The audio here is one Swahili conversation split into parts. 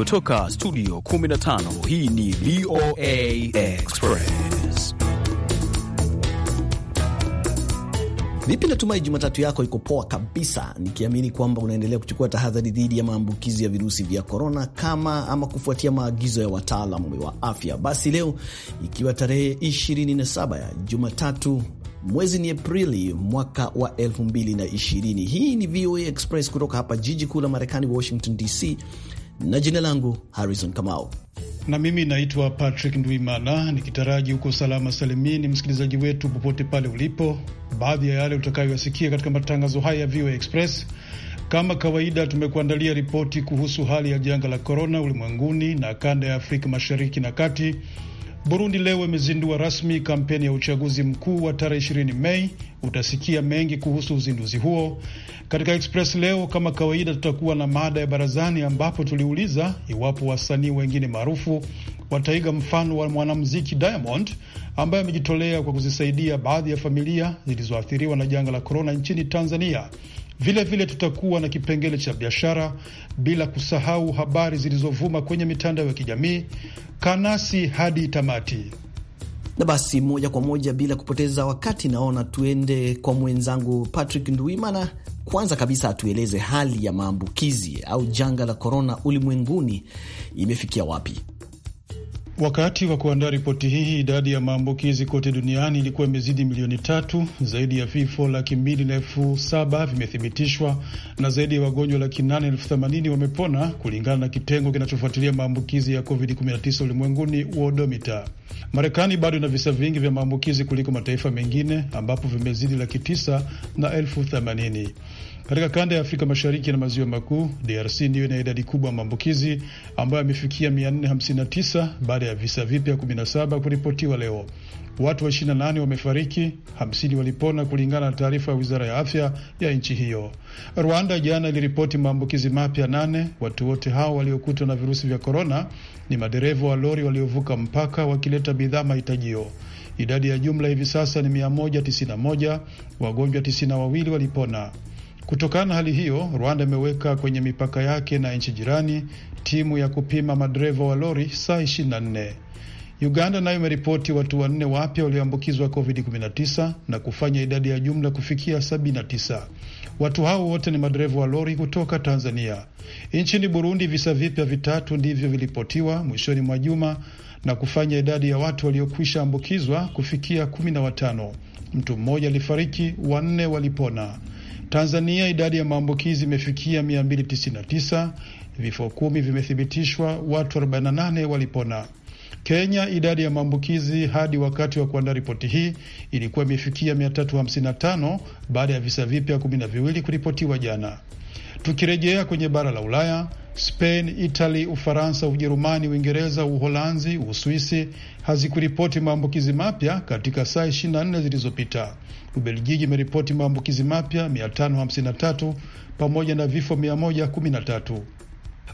Kutoka studio 15 hii ni VOA Express. Vipi, natumai Jumatatu yako iko poa kabisa, nikiamini kwamba unaendelea kuchukua tahadhari dhidi ya maambukizi ya virusi vya korona kama ama kufuatia maagizo ya wataalamu wa afya. Basi leo ikiwa tarehe 27 ya Jumatatu mwezi ni Aprili mwaka wa 2020. Hii ni VOA Express kutoka hapa jiji kuu la Marekani, Washington DC, na jina langu Harrison Kamau. Na mimi naitwa Patrick Ndwimana, nikitaraji huko salama salimini, msikilizaji wetu popote pale ulipo. Baadhi ya yale utakayoyasikia katika matangazo haya ya VOA Express, kama kawaida, tumekuandalia ripoti kuhusu hali ya janga la korona ulimwenguni na kanda ya Afrika mashariki na kati Burundi leo imezindua rasmi kampeni ya uchaguzi mkuu wa tarehe ishirini Mei. Utasikia mengi kuhusu uzinduzi huo katika Express leo. Kama kawaida, tutakuwa na mada ya barazani, ambapo tuliuliza iwapo wasanii wengine maarufu wataiga mfano wa mwanamuziki Diamond ambaye amejitolea kwa kuzisaidia baadhi ya familia zilizoathiriwa na janga la korona nchini Tanzania. Vilevile vile tutakuwa na kipengele cha biashara, bila kusahau habari zilizovuma kwenye mitandao ya kijamii. Kanasi hadi tamati. Na basi moja kwa moja bila kupoteza wakati, naona tuende kwa mwenzangu Patrick Nduimana. Kwanza kabisa atueleze hali ya maambukizi au janga la korona ulimwenguni imefikia wapi? Wakati wa kuandaa ripoti hii, idadi ya maambukizi kote duniani ilikuwa imezidi milioni tatu. Zaidi ya vifo laki mbili na elfu saba vimethibitishwa na zaidi ya wagonjwa laki nane elfu themanini wamepona kulingana na kitengo kinachofuatilia maambukizi ya COVID-19 ulimwenguni, Wodomita. Marekani bado ina visa vingi vya maambukizi kuliko mataifa mengine ambapo vimezidi laki tisa na elfu themanini. Katika kanda ya Afrika Mashariki na Maziwa Makuu, DRC ndiyo ina idadi kubwa ya maambukizi ambayo yamefikia 459 baada ya visa vipya 17 kuripotiwa leo. Watu wa 28 wamefariki, 50 walipona, kulingana na taarifa ya wizara ya afya ya nchi hiyo. Rwanda jana iliripoti maambukizi mapya nane. Watu wote hao waliokutwa na virusi vya korona ni madereva wa lori waliovuka mpaka wakileta bidhaa mahitajio. Idadi ya jumla hivi sasa ni 191. Wagonjwa 92 walipona. Kutokana na hali hiyo, Rwanda imeweka kwenye mipaka yake na nchi jirani timu ya kupima madereva wa lori saa 24. Uganda nayo imeripoti watu wanne wapya walioambukizwa COVID-19 na kufanya idadi ya jumla kufikia 79. Watu hao wote ni madereva wa lori kutoka Tanzania. Nchini Burundi, visa vipya vitatu ndivyo vilipotiwa mwishoni mwa juma na kufanya idadi ya watu waliokwisha ambukizwa kufikia 15. na watano. Mtu mmoja alifariki, wanne walipona. Tanzania idadi ya maambukizi imefikia 299 vifo kumi vimethibitishwa, watu 48 walipona. Kenya, idadi ya maambukizi hadi wakati wa kuandaa ripoti hii ilikuwa imefikia 355 baada ya visa vipya kumi na viwili kuripotiwa jana. Tukirejea kwenye bara la Ulaya, Spain, Italy, Ufaransa, Ujerumani, Uingereza, Uholanzi, Uswisi hazikuripoti maambukizi mapya katika saa 24 zilizopita. Ubelgiji imeripoti maambukizi mapya 553 pamoja na vifo 113.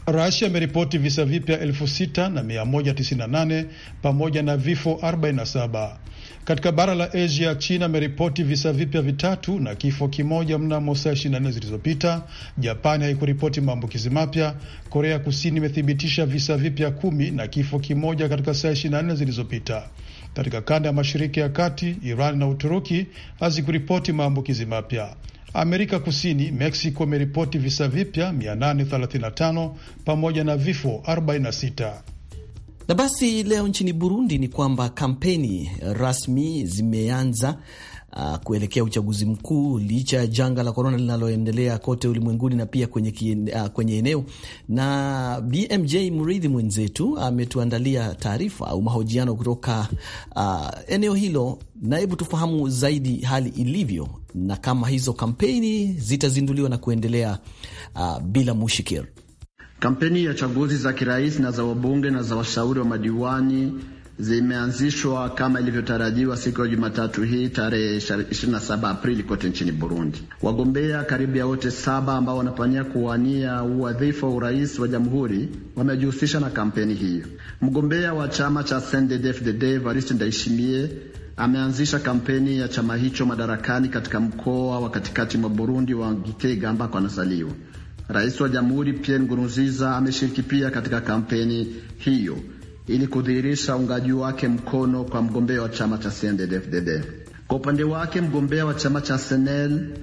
Rasia imeripoti visa vipya elfu sita na mia moja tisini na nane pamoja na vifo 47 Katika bara la Asia, China imeripoti visa vipya vitatu na kifo kimoja mnamo saa 24 zilizopita. Japani haikuripoti maambukizi mapya. Korea Kusini imethibitisha visa vipya kumi na kifo kimoja katika saa 24 zilizopita. Katika kanda ya mashariki ya kati, Iran na Uturuki hazikuripoti maambukizi mapya. Amerika Kusini, mexico imeripoti visa vipya 835 pamoja na vifo 46. Na basi leo nchini Burundi ni kwamba kampeni rasmi zimeanza uh, kuelekea uchaguzi mkuu licha ya janga la korona linaloendelea kote ulimwenguni na pia kwenye, kien, uh, ah, kwenye eneo na BMJ Mridhi mwenzetu ametuandalia uh, taarifa au mahojiano kutoka uh, eneo hilo, na hebu tufahamu zaidi hali ilivyo na kama hizo kampeni zitazinduliwa na kuendelea uh, bila Mushikir. Kampeni ya chaguzi za kirais na za wabunge na za washauri wa madiwani zimeanzishwa kama ilivyotarajiwa siku ya Jumatatu hii tarehe 27 Aprili kote nchini Burundi. Wagombea karibu ya wote saba ambao wanapania kuwania uwadhifa wa urais wa jamhuri wamejihusisha na kampeni hiyo. Mgombea wa chama cha CNDD-FDD Evariste Ndayishimiye ameanzisha kampeni ya chama hicho madarakani katika mkoa wa katikati mwa Burundi wa Gitega ambako anazaliwa. Rais wa jamhuri Pierre Nkurunziza ameshiriki pia katika kampeni hiyo ili kudhihirisha uungaji wake mkono kwa mgombea wa chama cha CNDD-FDD. Kwa upande wake mgombea wa chama cha SNEL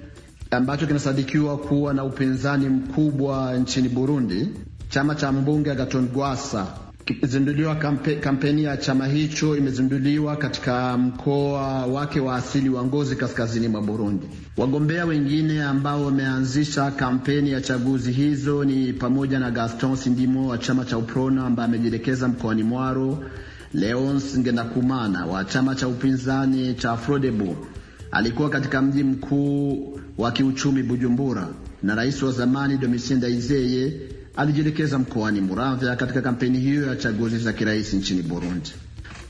ambacho kinasadikiwa kuwa na upinzani mkubwa nchini Burundi, chama cha mbunge agaton gwasa imezinduliwa kampe, kampeni ya chama hicho imezinduliwa katika mkoa wake wa asili wa Ngozi kaskazini mwa Burundi. Wagombea wengine ambao wameanzisha kampeni ya chaguzi hizo ni pamoja na Gaston Sindimo wa chama cha UPRONA ambaye amejielekeza mkoani Mwaro, Leons Ngendakumana wa chama cha upinzani cha Frodebu alikuwa katika mji mkuu wa kiuchumi Bujumbura, na rais wa zamani Domitien Ndayizeye alijielekeza mkoani Muravya katika kampeni hiyo ya chaguzi za kirais nchini Burundi,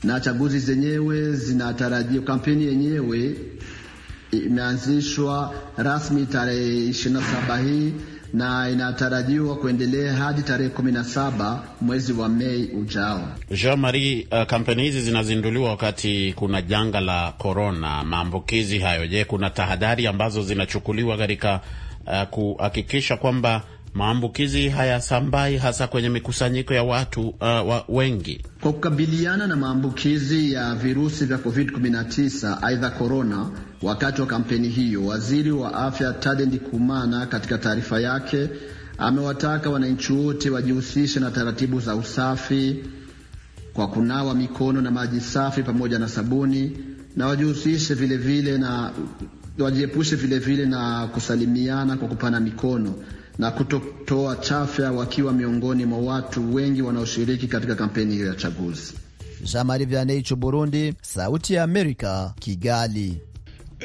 na chaguzi zenyewe zinatarajiwa. Kampeni yenyewe imeanzishwa rasmi tarehe 27 hii na inatarajiwa kuendelea hadi tarehe 17 mwezi wa Mei ujao. Jean Marie, uh, kampeni hizi zinazinduliwa wakati kuna janga la korona, maambukizi hayo. Je, kuna tahadhari ambazo zinachukuliwa katika uh, kuhakikisha kwamba maambukizi hayasambai hasa kwenye mikusanyiko ya watu uh, wa wengi. Kwa kukabiliana na maambukizi ya virusi vya COVID-19 aidha korona, wakati wa kampeni hiyo, waziri wa afya Tade Ndikumana katika taarifa yake amewataka wananchi wote wajihusishe na taratibu za usafi kwa kunawa mikono na maji safi pamoja na sabuni na wajihusishe vilevile na wajiepushe vilevile na kusalimiana kwa kupana mikono na kutotoa chafya wakiwa miongoni mwa watu wengi wanaoshiriki katika kampeni hiyo ya chaguzi. Burundi, Sauti ya Amerika, Kigali.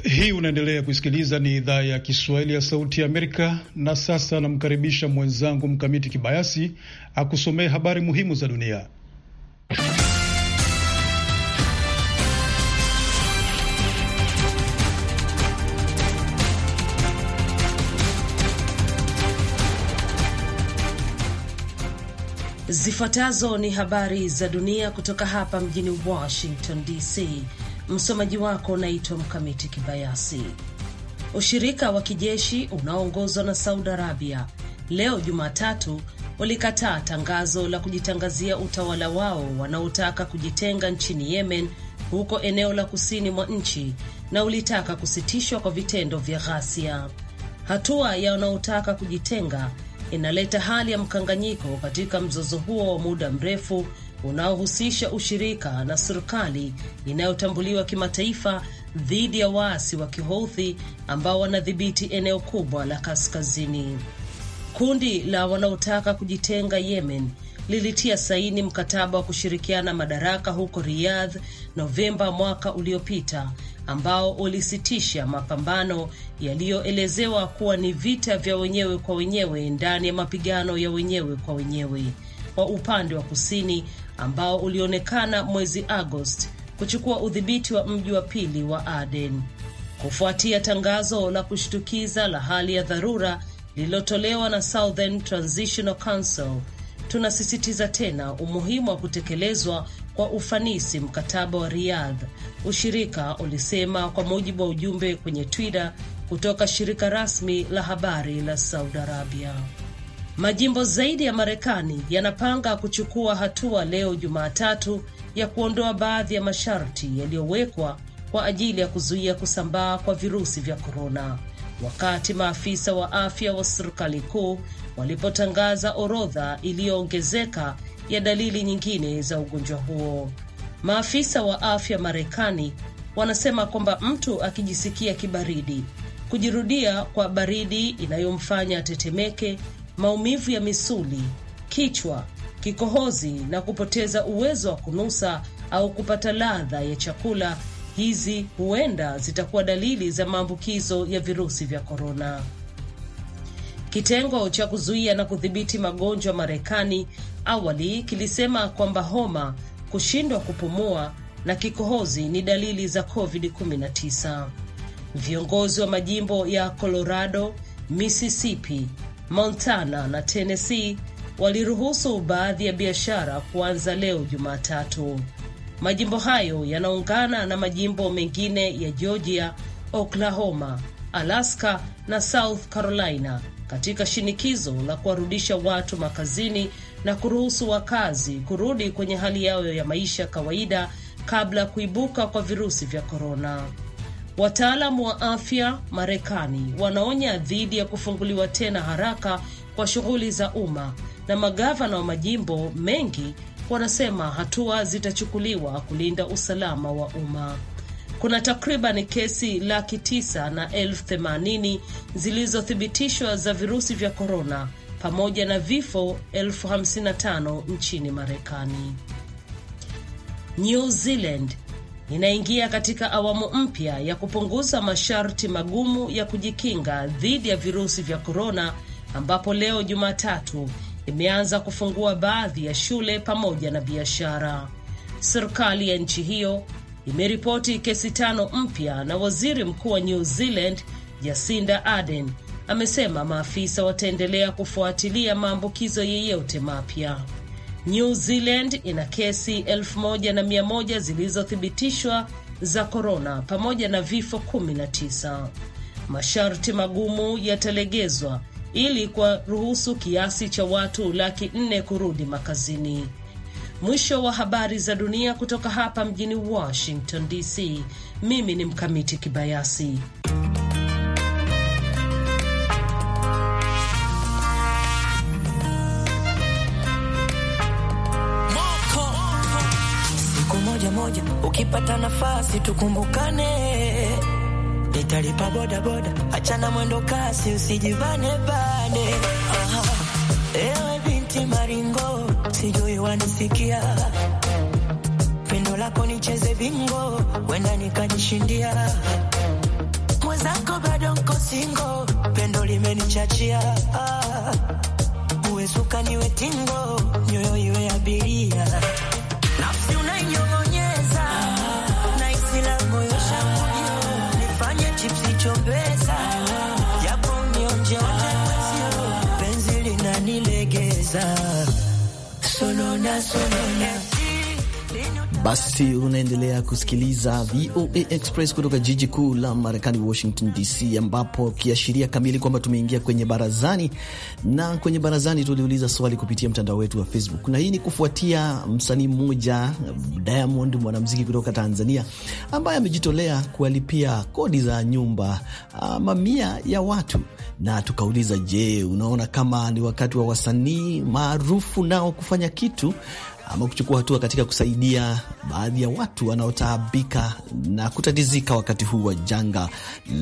Hii unaendelea kusikiliza ni idhaa ya Kiswahili ya Sauti ya Amerika. Na sasa anamkaribisha mwenzangu Mkamiti Kibayasi akusomee habari muhimu za dunia. Zifuatazo ni habari za dunia kutoka hapa mjini Washington DC. Msomaji wako unaitwa Mkamiti Kibayasi. Ushirika wa kijeshi unaoongozwa na Saudi Arabia leo Jumatatu walikataa tangazo la kujitangazia utawala wao wanaotaka kujitenga nchini Yemen, huko eneo la kusini mwa nchi, na ulitaka kusitishwa kwa vitendo vya ghasia. Hatua ya wanaotaka kujitenga inaleta hali ya mkanganyiko katika mzozo huo wa muda mrefu unaohusisha ushirika na serikali inayotambuliwa kimataifa dhidi ya waasi wa Kihouthi ambao wanadhibiti eneo kubwa la kaskazini. Kundi la wanaotaka kujitenga Yemen lilitia saini mkataba wa kushirikiana madaraka huko Riyadh Novemba mwaka uliopita ambao ulisitisha mapambano yaliyoelezewa kuwa ni vita vya wenyewe kwa wenyewe ndani ya mapigano ya wenyewe kwa wenyewe kwa upande wa kusini ambao ulionekana mwezi Agosti kuchukua udhibiti wa mji wa pili wa Aden kufuatia tangazo la kushtukiza la hali ya dharura lililotolewa na Southern Transitional Council tunasisitiza tena umuhimu wa kutekelezwa kwa ufanisi mkataba wa Riyadh, ushirika ulisema kwa mujibu wa ujumbe kwenye Twitter kutoka shirika rasmi la habari la Saudi Arabia. Majimbo zaidi ya Marekani yanapanga kuchukua hatua leo Jumatatu ya kuondoa baadhi ya masharti yaliyowekwa kwa ajili ya kuzuia kusambaa kwa virusi vya korona, wakati maafisa wa afya wa serikali kuu walipotangaza orodha iliyoongezeka ya dalili nyingine za ugonjwa huo. Maafisa wa afya Marekani wanasema kwamba mtu akijisikia kibaridi, kujirudia kwa baridi inayomfanya atetemeke, maumivu ya misuli, kichwa, kikohozi na kupoteza uwezo wa kunusa au kupata ladha ya chakula, hizi huenda zitakuwa dalili za maambukizo ya virusi vya korona. Kitengo cha kuzuia na kudhibiti magonjwa Marekani awali kilisema kwamba homa, kushindwa kupumua na kikohozi ni dalili za COVID-19. Viongozi wa majimbo ya Colorado, Mississippi, Montana na Tennessee waliruhusu baadhi ya biashara kuanza leo Jumatatu. Majimbo hayo yanaungana na majimbo mengine ya Georgia, Oklahoma, Alaska na South Carolina katika shinikizo la kuwarudisha watu makazini na kuruhusu wakazi kurudi kwenye hali yao ya maisha kawaida kabla ya kuibuka kwa virusi vya korona. Wataalamu wa afya Marekani wanaonya dhidi ya kufunguliwa tena haraka kwa shughuli za umma na magavana wa majimbo mengi wanasema hatua zitachukuliwa kulinda usalama wa umma kuna takriban kesi laki tisa na elfu themanini zilizothibitishwa za virusi vya korona pamoja na vifo elfu hamsini na tano nchini Marekani. New Zealand inaingia katika awamu mpya ya kupunguza masharti magumu ya kujikinga dhidi ya virusi vya korona, ambapo leo Jumatatu imeanza kufungua baadhi ya shule pamoja na biashara. Serikali ya nchi hiyo imeripoti kesi tano mpya, na waziri mkuu wa New Zealand Jacinda Ardern amesema maafisa wataendelea kufuatilia maambukizo yeyote mapya. New Zealand ina kesi elfu na zilizothibitishwa za korona pamoja na vifo 19. Masharti magumu yatalegezwa ili kuwaruhusu kiasi cha watu laki nne kurudi makazini. Mwisho wa habari za dunia kutoka hapa mjini Washington DC. Mimi ni Mkamiti Kibayasi. Moja, ukipata nafasi tukumbukane, nitalipa bodaboda, achana mwendo kasi, usijibane bane. Aha wanisikia, pendo lako nicheze bingo, wenda nikajishindia. Mwenzako bado nko singo, pendo limenichachia. Ah, uwezuka suka niwe tingo, nyoyo iwe abiria nafsi unainyong'onyeza ah, na isila moyo shangulio ah, nifanye chipsi chombeza ah, japo nionje wote ah, penzi linanilegeza sonona, sonona. Basi unaendelea kusikiliza VOA Express kutoka jiji kuu la Marekani, Washington DC, ambapo kiashiria kamili kwamba tumeingia kwenye barazani, na kwenye barazani tuliuliza swali kupitia mtandao wetu wa Facebook, na hii ni kufuatia msanii mmoja Diamond, mwanamziki kutoka Tanzania, ambaye amejitolea kuwalipia kodi za nyumba ah, mamia ya watu, na tukauliza, je, unaona kama ni wakati wa wasanii maarufu nao kufanya kitu ama kuchukua hatua katika kusaidia baadhi ya watu wanaotaabika na kutatizika wakati huu wa janga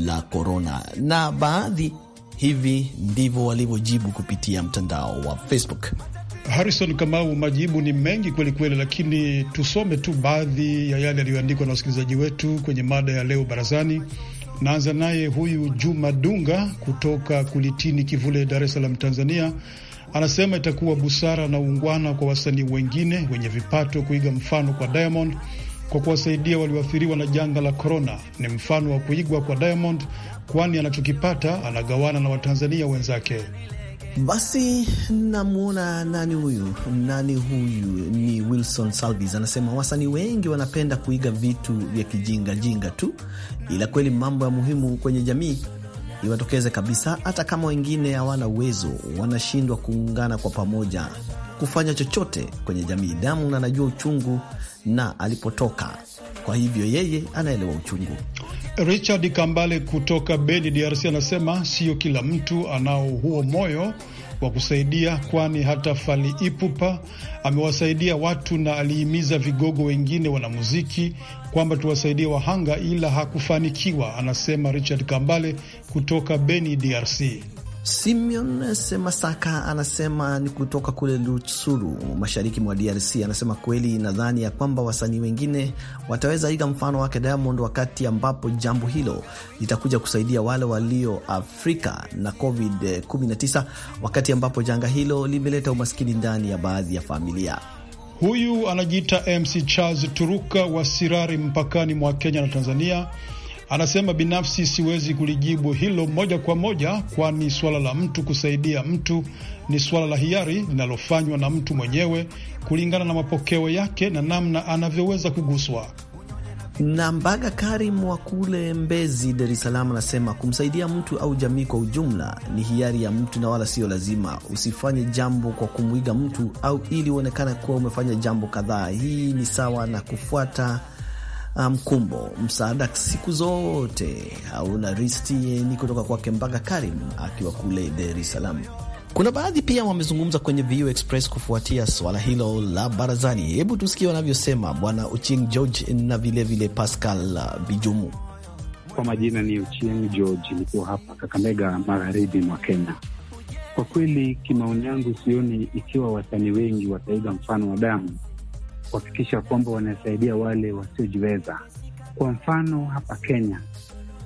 la korona, na baadhi hivi ndivyo walivyojibu kupitia mtandao wa Facebook. Harrison Kamau, majibu ni mengi kweli kweli, lakini tusome tu baadhi ya yale yaliyoandikwa na wasikilizaji wetu kwenye mada ya leo barazani. Naanza naye huyu Juma Dunga kutoka Kulitini Kivule, Dar es Salaam, Tanzania. Anasema itakuwa busara na uungwana kwa wasanii wengine wenye vipato kuiga mfano kwa Diamond kwa kuwasaidia walioathiriwa na janga la korona. Ni mfano wa kuigwa kwa Diamond, kwani anachokipata anagawana na Watanzania wenzake. Basi namwona nani huyu, nani huyu ni Wilson Salvis, anasema wasanii wengi wanapenda kuiga vitu vya kijingajinga tu, ila kweli mambo ya muhimu kwenye jamii iwatokeze kabisa, hata kama wengine hawana uwezo, wanashindwa kuungana kwa pamoja kufanya chochote kwenye jamii. Damu na anajua uchungu na alipotoka, kwa hivyo yeye anaelewa uchungu. Richard Kambale kutoka Beni, DRC, anasema sio kila mtu anao huo moyo wa kusaidia, kwani hata Fali Ipupa amewasaidia watu na alihimiza vigogo wengine wanamuziki kwamba tuwasaidie wahanga, ila hakufanikiwa, anasema Richard Kambale kutoka Beni, DRC. Simeon Semasaka anasema ni kutoka kule Lusuru, mashariki mwa DRC. Anasema kweli, nadhani ya kwamba wasanii wengine wataweza iga mfano wake Diamond, wakati ambapo jambo hilo litakuja kusaidia wale walio afrika na COVID-19, wakati ambapo janga hilo limeleta umaskini ndani ya baadhi ya familia. Huyu anajiita MC Charles Turuka wa Sirari, mpakani mwa Kenya na Tanzania. Anasema binafsi siwezi kulijibu hilo moja kwa moja, kwani suala la mtu kusaidia mtu ni suala la hiari linalofanywa na mtu mwenyewe kulingana na mapokeo yake na namna anavyoweza kuguswa. Na Mbaga Karim wa kule Mbezi, Dar es Salaam, anasema kumsaidia mtu au jamii kwa ujumla ni hiari ya mtu na wala sio lazima. Usifanye jambo kwa kumwiga mtu au ili uonekana kuwa umefanya jambo kadhaa. Hii ni sawa na kufuata Mkumbo um, msaada siku zote hauna risti. Ni kutoka kwake Mbaga Karim akiwa kule Dar es Salaam. Kuna baadhi pia wamezungumza kwenye VU Express kufuatia swala hilo la barazani. Hebu tusikie wanavyosema Bwana Uching George na vilevile Pascal Bijumu. Kwa majina ni Uching George, nikuwa hapa Kakamega, magharibi mwa Kenya. Kwa kweli, kimaoni yangu sioni ikiwa wasanii wengi wataiga mfano wa damu kuhakikisha kwamba wanasaidia wale wasiojiweza. Kwa mfano hapa Kenya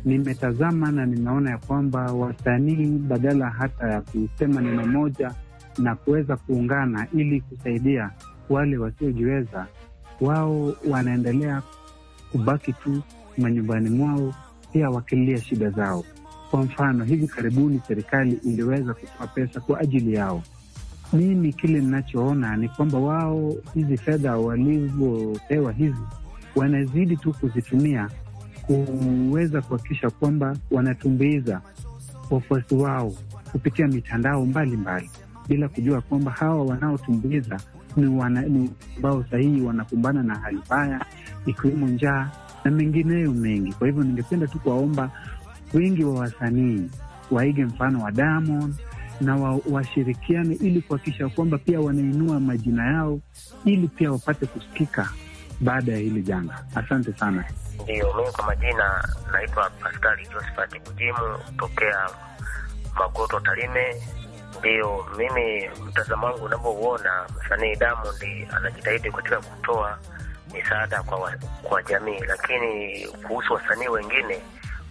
nimetazama na ninaona ya kwamba wasanii badala hata ya kusema neno moja na kuweza kuungana ili kusaidia wale wasiojiweza, wao wanaendelea kubaki tu manyumbani mwao, pia wakilia shida zao. Kwa mfano hivi karibuni serikali iliweza kutoa pesa kwa ajili yao mimi kile ninachoona ni kwamba wao hizi fedha walivyopewa hizi wanazidi tu kuzitumia kuweza kuhakikisha kwamba wanatumbuiza wafuasi wao kupitia mitandao mbalimbali mbali, bila kujua kwamba hawa wanaotumbuiza ni ambao sahihi wanakumbana na hali mbaya ikiwemo njaa na mengineyo mengi. Kwa hivyo ningependa tu kuwaomba wengi wa wasanii waige mfano wa Diamond na wa, washirikiane ili kuhakikisha kwamba pia wanainua majina yao ili pia wapate kusikika baada ya hili janga. Asante sana. ndio mimi kwa majina naitwa Paskali Josephat Bujimu tokea Magoto Tarime. ndio mimi mtazamo wangu unavyouona, msanii Diamond anajitahidi katika kutoa misaada kwa, wa, kwa jamii, lakini kuhusu wasanii wengine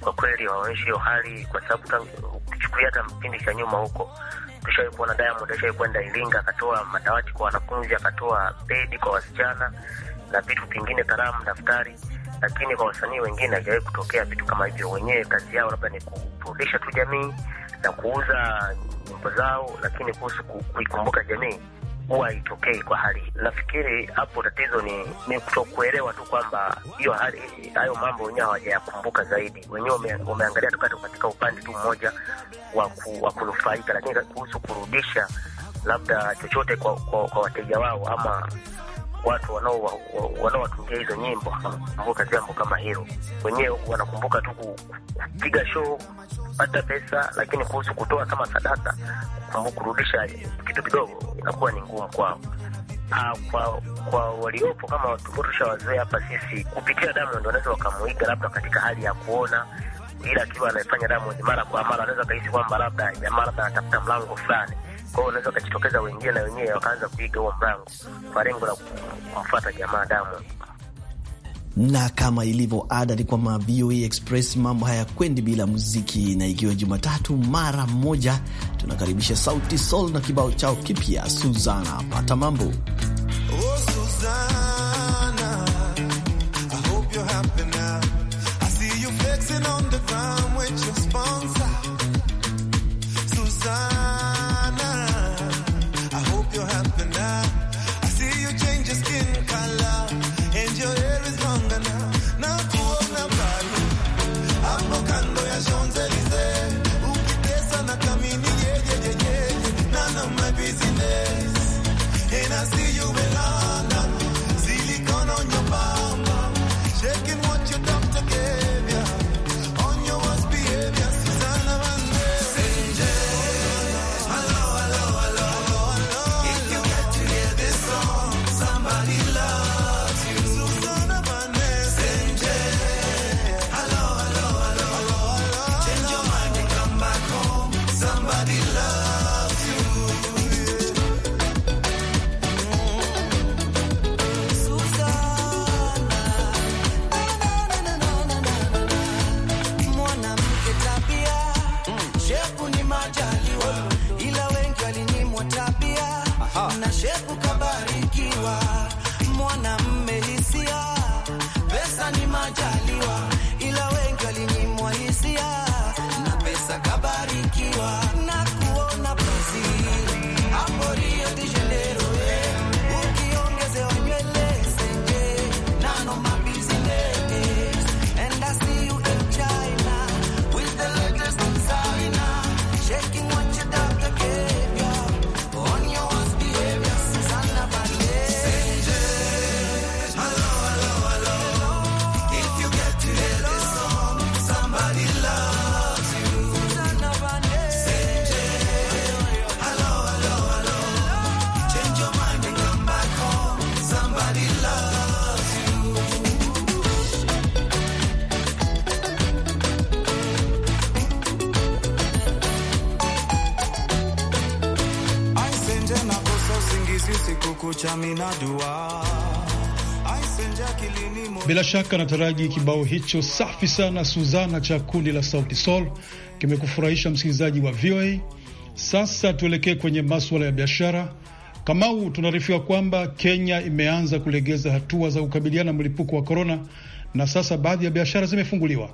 kwa kweli waonyeshe hiyo hali, kwa sababu ukichukulia hata kipindi cha nyuma huko tushawai kuona Diamond ashawai kwenda Iringa akatoa madawati kwa wanafunzi, akatoa pedi kwa wasichana na vitu vingine, kalamu, daftari lakini kwa wasanii wengine ajawai kutokea vitu kama hivyo. Wenyewe kazi yao labda ni kurudisha tu jamii na kuuza nyimbo zao, lakini kuhusu kuikumbuka jamii huwa haitokei kwa hali. Nafikiri hapo tatizo ni ni kutokuelewa tu kwamba hiyo hali, hayo mambo wenyewe hawajayakumbuka zaidi, wenyewe wameangalia tuka katika upande tu mmoja wa kunufaika, lakini kuhusu kurudisha labda chochote kwa, kwa, kwa wateja wao ama watu wanaowatungia hizo nyimbo hawakumbuka jambo kama hilo. Wenyewe wanakumbuka tu kupiga show, kupata pesa, lakini kuhusu kutoa kama sadaka, kurudisha kitu kidogo, inakuwa ni ngumu kwao. kwa kwa waliopo kama tukurusha wazee hapa sisi kupitia Diamond wanaweza wakamuiga labda katika hali ya kuona, ila akiwa anafanya damu mara kwa mara, anaweza kahisi kwamba labda jamaa labda anatafuta mlango fulani kwao, unaweza ukajitokeza wengine na wenyewe wakaanza kuiga huo mrango kwa lengo la kumfata jamaa damu na kama ilivyo ada ni kwamba VOA e Express mambo hayakwendi bila muziki, na ikiwa Jumatatu mara moja tunakaribisha Sauti Sol na kibao chao kipya Suzana, pata mambo oh, Suzana, I hope shaka nataraji kibao hicho safi sana Suzana cha kundi la Sauti Sol kimekufurahisha msikilizaji wa VOA. Sasa tuelekee kwenye maswala ya biashara. Kamau, tunaarifiwa kwamba Kenya imeanza kulegeza hatua za kukabiliana na mlipuko wa korona, na sasa baadhi ya biashara zimefunguliwa.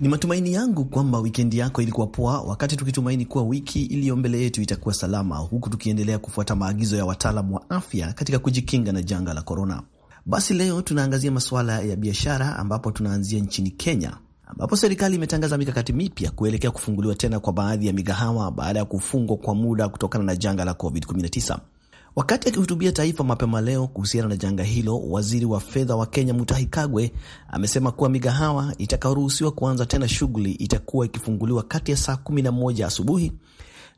Ni matumaini yangu kwamba wikendi yako ilikuwa poa, wakati tukitumaini kuwa wiki iliyo mbele yetu itakuwa salama, huku tukiendelea kufuata maagizo ya wataalam wa afya katika kujikinga na janga la korona. Basi leo tunaangazia masuala ya biashara ambapo tunaanzia nchini Kenya ambapo serikali imetangaza mikakati mipya kuelekea kufunguliwa tena kwa baadhi ya migahawa baada ya kufungwa kwa muda kutokana na janga la COVID-19. Wakati akihutubia taifa mapema leo kuhusiana na janga hilo, waziri wa fedha wa Kenya Mutahi Kagwe amesema kuwa migahawa itakayoruhusiwa kuanza tena shughuli itakuwa ikifunguliwa kati ya saa 11 asubuhi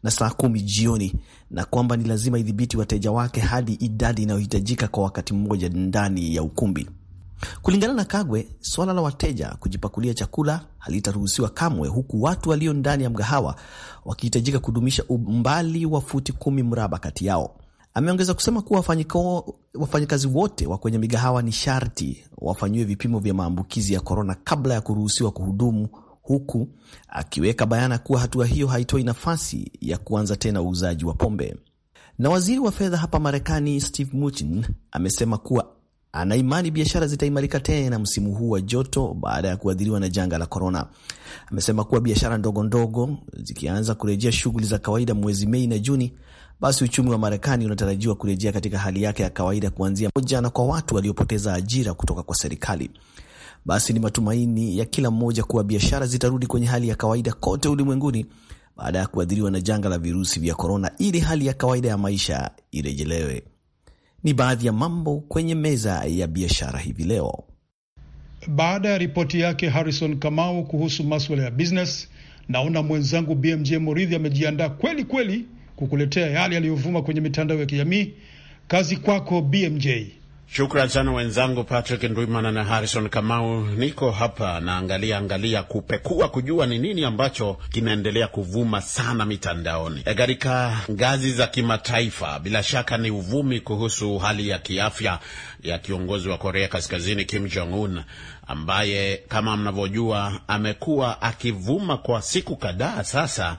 na saa kumi jioni na kwamba ni lazima idhibiti wateja wake hadi idadi inayohitajika kwa wakati mmoja ndani ya ukumbi. Kulingana na Kagwe, suala la wateja kujipakulia chakula halitaruhusiwa kamwe, huku watu walio ndani ya mgahawa wakihitajika kudumisha umbali wa futi kumi mraba kati yao. Ameongeza kusema kuwa wafanyakazi wote wa kwenye migahawa ni sharti wafanyiwe vipimo vya maambukizi ya korona kabla ya kuruhusiwa kuhudumu huku akiweka bayana kuwa hatua hiyo haitoi nafasi ya kuanza tena uuzaji wa pombe. Na waziri wa fedha hapa Marekani Steve Mnuchin amesema kuwa anaimani biashara zitaimarika tena msimu huu wa joto baada ya kuathiriwa na janga la korona. Amesema kuwa biashara ndogo ndogo zikianza kurejea shughuli za kawaida mwezi Mei na Juni, basi uchumi wa Marekani unatarajiwa kurejea katika hali yake ya kawaida kuanzia moja, na kwa watu waliopoteza ajira kutoka kwa serikali basi ni matumaini ya kila mmoja kuwa biashara zitarudi kwenye hali ya kawaida kote ulimwenguni baada ya kuathiriwa na janga la virusi vya korona, ili hali ya kawaida ya maisha irejelewe. Ni baadhi ya mambo kwenye meza ya biashara hivi leo. Baada ya ripoti yake Harrison Kamau kuhusu maswala ya business, naona mwenzangu BMJ Muridhi amejiandaa kweli kweli kukuletea yale yaliyovuma kwenye mitandao ya kijamii. Kazi kwako BMJ. Shukran sana wenzangu Patrick Ndwimana na Harrison Kamau. Niko hapa naangalia angalia kupekua kujua ni nini ambacho kinaendelea kuvuma sana mitandaoni e, katika ngazi za kimataifa. Bila shaka ni uvumi kuhusu hali ya kiafya ya kiongozi wa Korea Kaskazini Kim Jong Un, ambaye kama mnavyojua amekuwa akivuma kwa siku kadhaa sasa,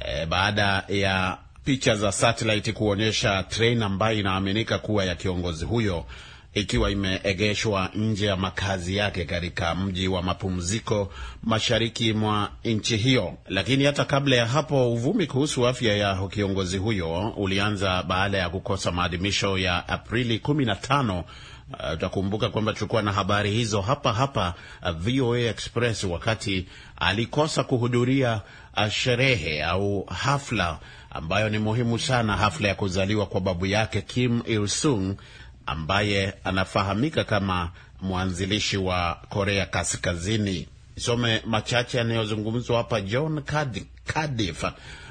e, baada ya picha za satellite kuonyesha train ambayo inaaminika kuwa ya kiongozi huyo ikiwa imeegeshwa nje ya makazi yake katika mji wa mapumziko mashariki mwa nchi hiyo. Lakini hata kabla ya hapo, uvumi kuhusu afya ya kiongozi huyo ulianza baada ya kukosa maadhimisho ya Aprili 15. Uh, utakumbuka kwamba tulikuwa na habari hizo hapa hapa uh, VOA Express wakati alikosa kuhudhuria uh, sherehe au hafla ambayo ni muhimu sana, hafla ya kuzaliwa kwa babu yake Kim Il Sung ambaye anafahamika kama mwanzilishi wa Korea Kaskazini. Nisome machache yanayozungumzwa hapa. John Cardiff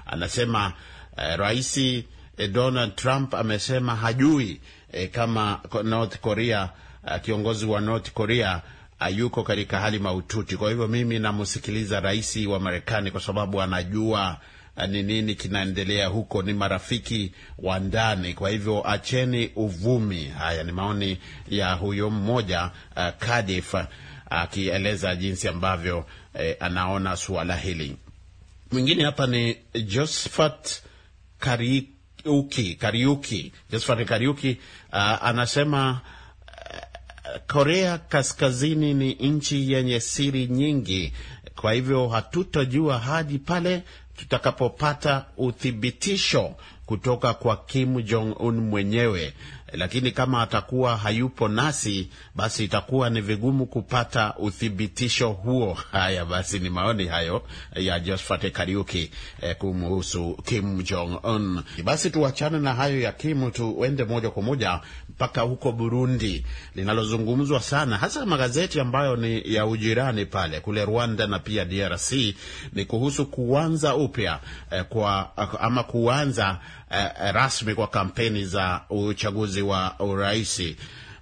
anasema eh, Raisi eh, Donald Trump amesema hajui eh, kama North Korea eh, kiongozi wa North Korea ayuko ah, katika hali mahututi. Kwa hivyo mimi namsikiliza rais wa Marekani kwa sababu anajua Eh, ni nini kinaendelea huko, ni marafiki wa ndani. Kwa hivyo acheni uvumi. Haya ni maoni ya huyo mmoja uh, akieleza uh, jinsi ambavyo uh, anaona suala hili. Mwingine hapa ni Josephat Kariuki, Kariuki. Josephat Kariuki uh, anasema Korea Kaskazini ni nchi yenye siri nyingi, kwa hivyo hatutojua hadi pale tutakapopata uthibitisho kutoka kwa Kim Jong Un mwenyewe lakini kama atakuwa hayupo nasi, basi itakuwa ni vigumu kupata uthibitisho huo. Haya basi, ni maoni hayo ya Josphat Kariuki eh, kumhusu Kim Jong Un. Basi tuachane na hayo ya Kim, tuende moja kwa moja mpaka huko Burundi, linalozungumzwa sana hasa magazeti ambayo ni ya ujirani pale kule Rwanda na pia DRC ni kuhusu kuanza upya eh, kwa ama kuanza Eh, eh, rasmi kwa kampeni za uchaguzi wa uraisi.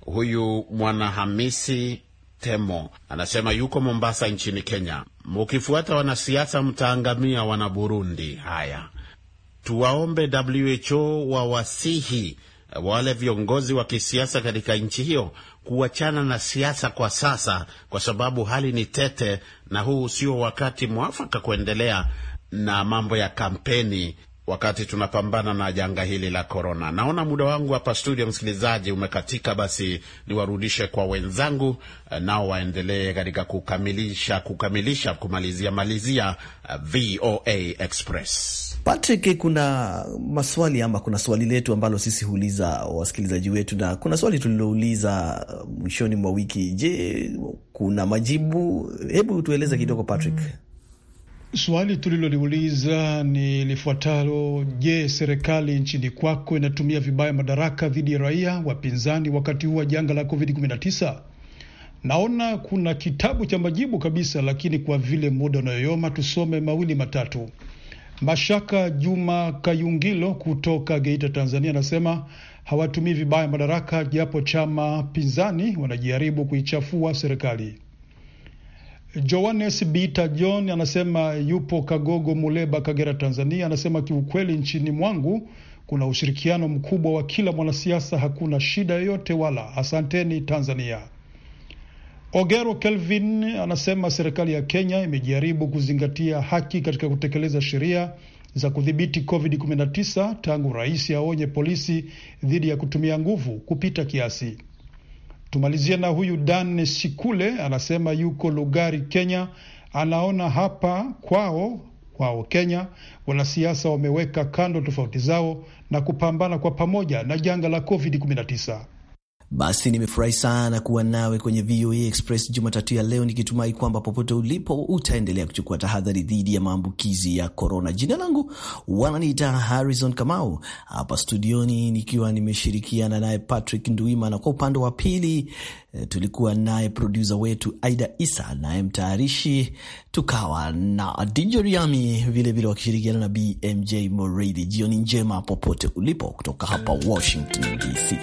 Huyu Mwanahamisi Temo anasema yuko Mombasa nchini Kenya. Mukifuata wanasiasa mtaangamia, wana Burundi. Haya, tuwaombe WHO wawasihi eh, wale viongozi wa kisiasa katika nchi hiyo kuachana na siasa kwa sasa, kwa sababu hali ni tete, na huu sio wakati mwafaka kuendelea na mambo ya kampeni wakati tunapambana na janga hili la korona. Naona muda wangu hapa studio, msikilizaji, umekatika. Basi niwarudishe kwa wenzangu, eh, nao waendelee katika kukamilisha kukamilisha kumalizia malizia eh, VOA Express. Patrick, kuna maswali ama kuna swali letu ambalo sisi huuliza wasikilizaji wetu, na kuna swali tulilouliza eh, mwishoni mwa wiki. Je, kuna majibu? Hebu tueleze kidogo Patrick. Swali tuliloliuliza ni lifuatalo: Je, serikali nchini kwako inatumia vibaya madaraka dhidi ya raia wapinzani wakati huu wa janga la COVID-19? Naona kuna kitabu cha majibu kabisa, lakini kwa vile muda unayoyoma, tusome mawili matatu. Mashaka Juma Kayungilo kutoka Geita, Tanzania, anasema hawatumii vibaya madaraka, japo chama pinzani wanajaribu kuichafua serikali. Johannes Bita John anasema yupo Kagogo, Muleba, Kagera, Tanzania. Anasema kiukweli, nchini mwangu kuna ushirikiano mkubwa wa kila mwanasiasa, hakuna shida yoyote wala. Asanteni Tanzania. Ogero Kelvin anasema serikali ya Kenya imejaribu kuzingatia haki katika kutekeleza sheria za kudhibiti COVID-19 tangu rais aonye polisi dhidi ya kutumia nguvu kupita kiasi. Tumalizie na huyu Dane Sikule, anasema yuko Lugari, Kenya. Anaona hapa kwao kwao Kenya wanasiasa wameweka kando tofauti zao na kupambana kwa pamoja na janga la COVID-19. Basi nimefurahi sana kuwa nawe kwenye VOA Express Jumatatu ya leo, nikitumai kwamba popote ulipo utaendelea kuchukua tahadhari dhidi ya maambukizi ya korona. Jina langu wananiita Harrison Kamau, hapa studioni nikiwa nimeshirikiana naye Patrick Nduima, na kwa upande wa pili eh, tulikuwa naye produsa wetu Aida Isa, naye mtayarishi tukawa na DJ vilevile, wakishirikiana na BMJ Moredi. Jioni njema popote ulipo, kutoka hapa Washington DC.